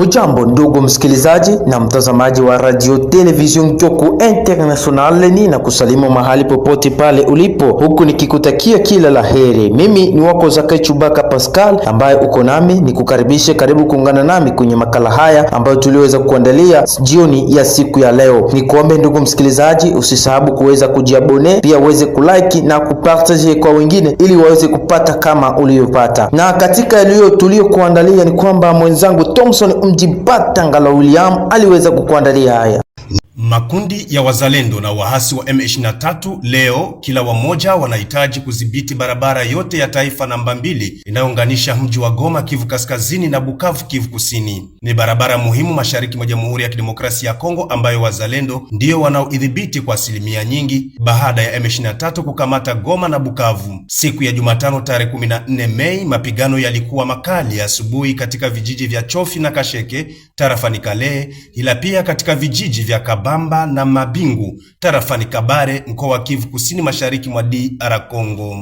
Hujambo ndugu msikilizaji na mtazamaji wa radio television Ngyoku International, ni na kusalimu mahali popote pale ulipo, huku nikikutakia kila la heri. Mimi ni wako Zakai Chubaka Pascal ambaye uko nami ni kukaribishe, karibu kuungana nami kwenye makala haya ambayo tuliweza kuandalia jioni ya siku ya leo. ni kuombe ndugu msikilizaji, usisahabu kuweza kujiabone, pia uweze kulike na kupartage kwa wengine, ili waweze kupata kama ulivyopata Na katika yaliyo tuliyokuandalia ni kwamba mwenzangu Thompson mjipata, angalau William aliweza kukuandalia haya. Makundi ya wazalendo na waasi wa M23 leo kila wamoja wanahitaji kudhibiti barabara yote ya taifa namba mbili inayounganisha mji wa Goma Kivu Kaskazini na Bukavu Kivu Kusini. Ni barabara muhimu mashariki mwa Jamhuri ya Kidemokrasia ya Kongo ambayo wazalendo ndiyo wanaoidhibiti kwa asilimia nyingi baada ya M23 kukamata Goma na Bukavu. Siku ya Jumatano tarehe 14 Mei, mapigano yalikuwa makali asubuhi katika vijiji vya Chofi na Kasheke tarafani Kalehe, ila pia katika vijiji vya Kab Kabamba na Mabingu tarafani Kabare mkoa wa Kivu Kusini mashariki mwa DR Congo.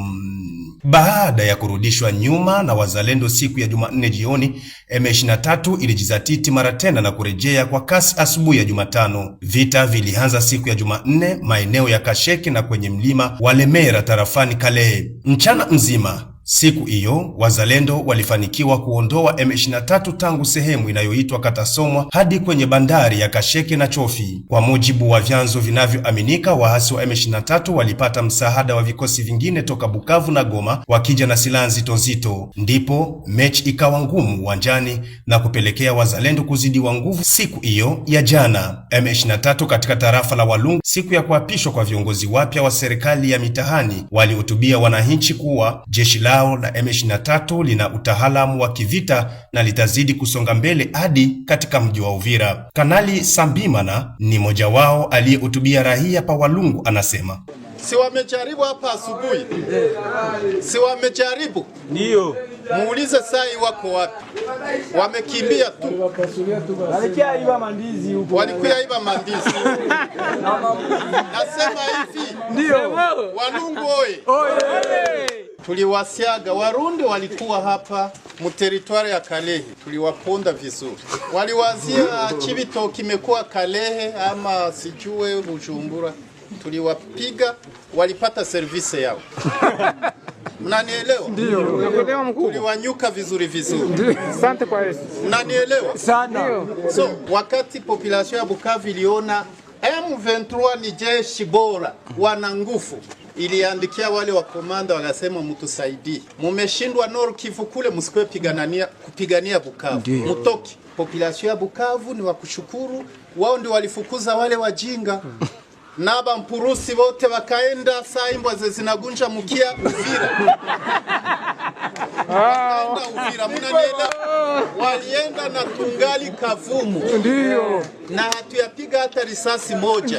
Baada ya kurudishwa nyuma na wazalendo siku ya Jumanne jioni, M23 ilijizatiti mara tena na kurejea kwa kasi asubuhi ya Jumatano. Vita vilianza siku ya Jumanne maeneo ya Kasheke na kwenye mlima wa Lemera tarafani Kalehe mchana mzima Siku hiyo wazalendo walifanikiwa kuondoa M23 tangu sehemu inayoitwa Katasomwa hadi kwenye bandari ya Kasheke na Chofi. Kwa mujibu wa vyanzo vinavyoaminika, waasi wa M23 walipata msaada wa vikosi vingine toka Bukavu na Goma, wakija na silaha nzito nzito. Ndipo mechi ikawa ngumu uwanjani na kupelekea wazalendo kuzidiwa nguvu. Siku hiyo ya jana, M23 katika tarafa la Walungu, siku ya kuapishwa kwa viongozi wapya wa serikali ya mitahani, walihutubia wananchi kuwa jeshi la lao la M23 lina utaalamu wa kivita na litazidi kusonga mbele hadi katika mji wa Uvira. Kanali Sambimana ni mmoja wao aliyehutubia raia pa Walungu, anasema si wamejaribu hapa asubuhi, si wamejaribu ndio Muulize sai wako wapi? Wamekimbia tu, walikuya iba mandizi. Nasema hivi ndio Walungu oye! tuliwasiaga. Warundi walikuwa hapa mu territoire ya Kalehe, tuliwaponda vizuri. Waliwazia Chibitoke imekuwa Kalehe ama sijue Bujumbura, tuliwapiga, walipata service yao Mnanielewa? Ndio. Tuliwanyuka vizuri vizuri. Asante kwa Yesu. Mnanielewa? Sana. So, wakati population ya Bukavu iliona M23 ni jeshi bora, wana nguvu iliandikia wale wa komanda wakasema, mtusaidie, mumeshindwa Nord Kivu kule, msikuwe pigania kupigania Bukavu, mtoke. Population ya Bukavu ni wakushukuru, wao ndio walifukuza wale wajinga na bampurusi wote wakaenda, saa imbwa zinagunja mkia Uvira ah. wakaenda Uvira, mnanielewa? Walienda na tungali kavumu, ndio na hatuyapiga hata risasi moja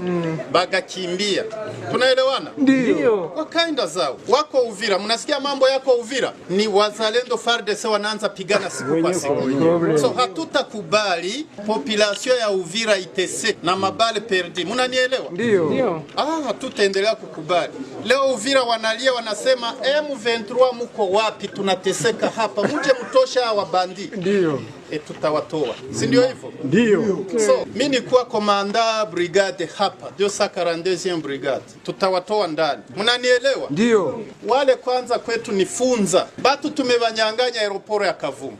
mm. bagakimbia. Tunaelewana? Ndio. Wakaenda zao, wako Uvira. Mnasikia mambo yako Uvira, ni wazalendo FARDC wanaanza pigana siku kwa siku, so hatutakubali population ya Uvira itese na mabale perdi. Mnanielewa? Ndio. Ah, hatutaendelea kukubali. Leo Uvira wanalia, wanasema M23 muko wapi? Tunateseka hapa, muje mtosha wa bandi. Ndio e tutawatoa, si ndio hivyo? Ndio. So mimi nikuwa komanda brigade hapa, ndio sakarandesian brigade, tutawatoa ndani, mnanielewa? Ndio. Wale kwanza kwetu ni funza batu, tumewanyanganya aeroporo ya Kavumu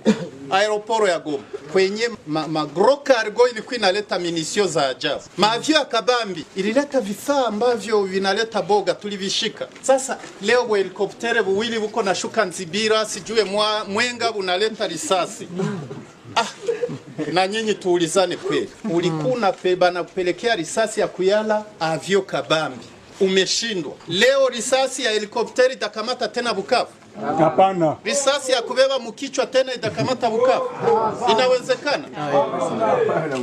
aeroporo ya Goma kwenye magroka ma argo ilikuwa inaleta minisio za ajabu. Maavyo ya kabambi ilileta vifaa ambavyo vinaleta boga, tulivishika. Sasa leo helikoptere buwili buko nashuka Nzibira, sijue mwa, mwenga bunaleta risasi Ah, na nyinyi tuulizane kweli, ulikuwa kupelekea risasi ya kuyala avyo kabambi umeshindwa. Leo risasi ya helikopteri itakamata tena Bukavu? Hapana. Risasi ya kubeba mkichwa tena itakamata Bukavu? Inawezekana,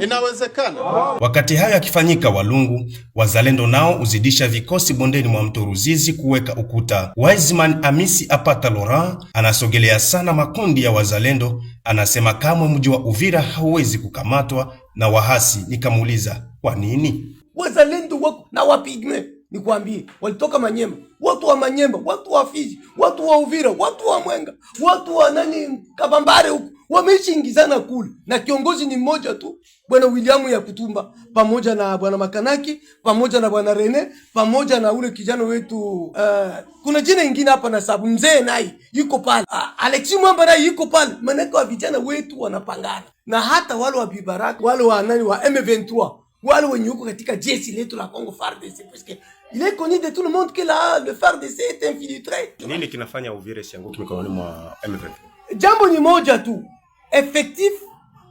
inawezekana. Wakati hayo yakifanyika, Walungu wazalendo nao uzidisha vikosi bondeni mwa mto Ruzizi kuweka ukuta. Wiseman Amisi Apata Laurent anasogelea sana makundi ya wazalendo, anasema kamwe mji wa Uvira hauwezi kukamatwa na wahasi. Nikamuuliza kwa nini wazalendo wako na wapigme Nikwambie, walitoka Manyema, watu wa Manyema, watu wa Fizi, watu wa Uvira, watu wa Mwenga, watu wa nani Kabambare huko wameishi ingizana kule, na kiongozi ni mmoja tu, bwana William ya Kutumba pamoja na bwana Makanaki pamoja na bwana Rene pamoja na ule kijana wetu uh, kuna jina ingine hapa na sabu mzee naye yuko pale uh, ah, Alexi Mwamba naye yuko pale, maneno wa vijana wetu wanapangana na hata wale wa Bibarak wale wa nani wa M23 wale wenye huko katika jeshi letu la Congo FARDC, parce que il est connu de tout le monde que là le FARDC est infiltré. Nini kinafanya Uvira sianguke mikononi mwa M23? Jambo ni moja tu, effectif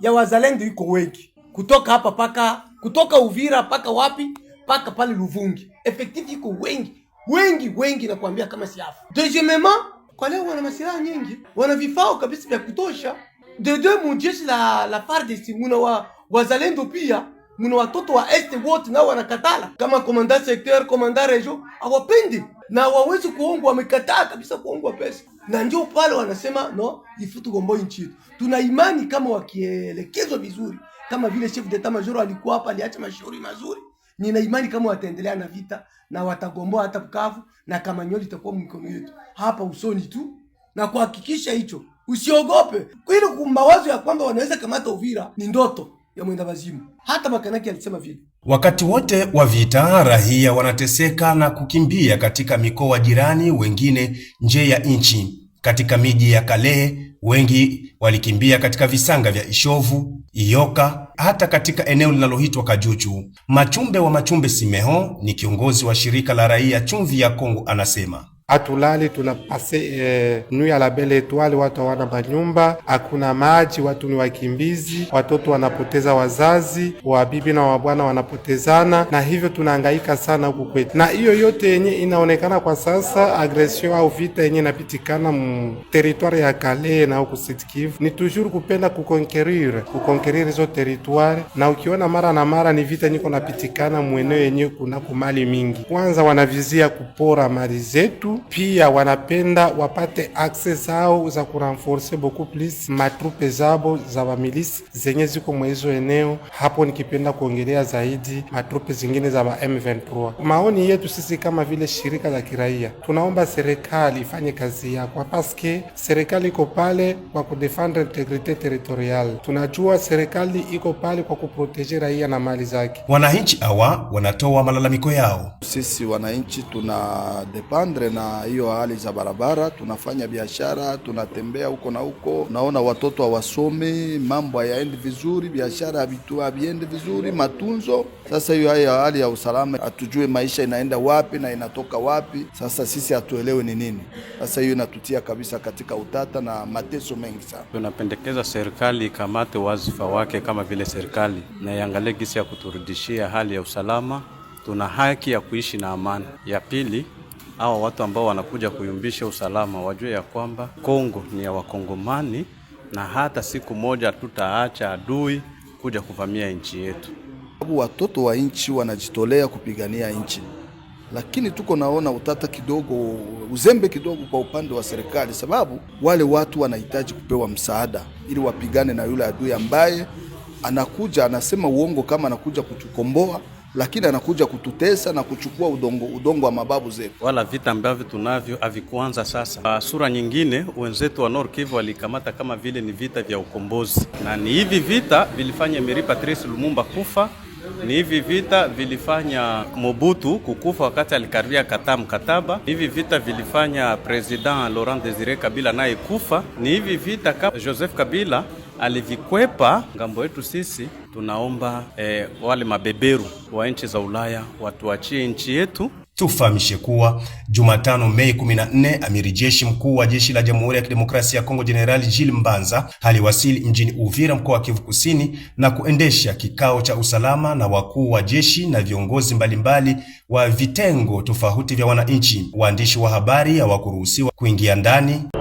ya wazalendo iko wengi kutoka hapa paka kutoka Uvira paka wapi paka pale Luvungi, effectif iko wengi wengi wengi, nakwambia kama siafu. Deuxièmement, kwa leo wana masilaha nyingi, wana vifaa kabisa vya kutosha. De deux, mu jeshi la la FARDC muna wa wazalendo pia muna watoto wa este wote nao wanakatala, kama komanda sekteur, komanda region awapendi na wawezi kuongwa, wamekataa kabisa kuongwa pesa, na ndio pale wanasema no ifutugombo nchi yetu. Tuna imani kama wakielekezwa vizuri, kama vile chef d'etat major alikuwa hapa, aliacha mashauri mazuri nina imani kama wataendelea na vita na watagomboa hata Bukavu na Kamanyoli itakuwa mikono yetu hapa usoni tu, na kuhakikisha hicho, usiogope. Kwani mawazo ya kwamba wanaweza kamata Uvira ni ndoto ya mwenda wazimu. Hata Makanaki alisema vile. Wakati wote wa vita rahia wanateseka na kukimbia katika mikoa jirani, wengine nje ya nchi. Katika miji ya Kalehe wengi walikimbia katika visanga vya Ishovu, Iyoka, hata katika eneo linaloitwa Kajuchu. Machumbe wa Machumbe Simeho ni kiongozi wa shirika la raia Chumvi ya Kongo, anasema hatulali tunapase eh, nui ala bele etwali. Watu hawana manyumba, hakuna maji, watu ni wakimbizi, watoto wanapoteza wazazi, wabibi na wabwana wanapotezana, na hivyo tunahangaika sana huku kwetu. Na hiyo yote yenye inaonekana kwa sasa, agresio au vita yenye inapitikana mu teritware ya Kale na huku Sud Kivu, ni toujours kupenda kukonkerire kukonkerire hizo teritware, na ukiona mara na mara ni vita niko napitikana mweneo yenye kuna kumali mingi, kwanza wanavizia kupora mali zetu Waislamu pia wanapenda wapate access zao za kurenforce beaucoup plus matrupe zabo za bamilisi zenye ziko mwezo eneo hapo. Nikipenda kuongelea zaidi matrupe zingine za ba M23. Maoni yetu sisi kama vile shirika la kiraia tunaomba serikali ifanye kazi yako, kwa paske serikali iko pale kwa kudefendre integrite territorial. Tunajua serikali iko pale kwa kuproteje raia na mali zake. Wananchi awa wanatoa malalamiko yao. Sisi wananchi tuna dependre na na hiyo hali za barabara, tunafanya biashara, tunatembea huko na huko, naona watoto hawasome, mambo hayaendi vizuri, biashara havitu haviendi vizuri, matunzo. Sasa hiyo hali ya usalama, hatujue maisha inaenda wapi na inatoka wapi. Sasa sisi hatuelewe ni nini. Sasa hiyo inatutia kabisa katika utata na mateso mengi sana. Tunapendekeza serikali ikamate wazifa wake kama vile serikali na iangalie gisi ya kuturudishia hali ya usalama. Tuna haki ya kuishi na amani. Ya pili hawa watu ambao wanakuja kuyumbisha usalama wajue ya kwamba Kongo ni ya Wakongomani na hata siku moja tutaacha adui kuja kuvamia nchi yetu. Watoto wa nchi wanajitolea kupigania nchi, lakini tuko naona utata kidogo, uzembe kidogo kwa upande wa serikali, sababu wale watu wanahitaji kupewa msaada ili wapigane na yule adui ambaye anakuja anasema uongo kama anakuja kutukomboa lakini anakuja kututesa na kuchukua udongo, udongo wa mababu zetu. Wala vita ambavyo tunavyo havikuanza sasa. Ah, sura nyingine wenzetu wa Nord Kivu walikamata kama vile ni vita vya ukombozi, na ni hivi vita vilifanya Emery Patrice Lumumba kufa ni hivi vita vilifanya Mobutu kukufa wakati alikaribia kataa mkataba. Ni hivi vita vilifanya President Laurent Desire Kabila naye kufa. Ni hivi vita ka Joseph Kabila alivikwepa ngambo yetu sisi tunaomba e, wale mabeberu wa nchi za Ulaya watuachie nchi yetu. Tufahamishe kuwa Jumatano Mei 14 amiri jeshi mkuu wa jeshi la Jamhuri ya Kidemokrasia ya Kongo Jenerali Jules Mbanza aliwasili mjini Uvira mkoa wa Kivu Kusini na kuendesha kikao cha usalama na wakuu wa jeshi na viongozi mbalimbali wa vitengo tofauti vya wananchi. Waandishi wa habari hawakuruhusiwa kuingia ndani.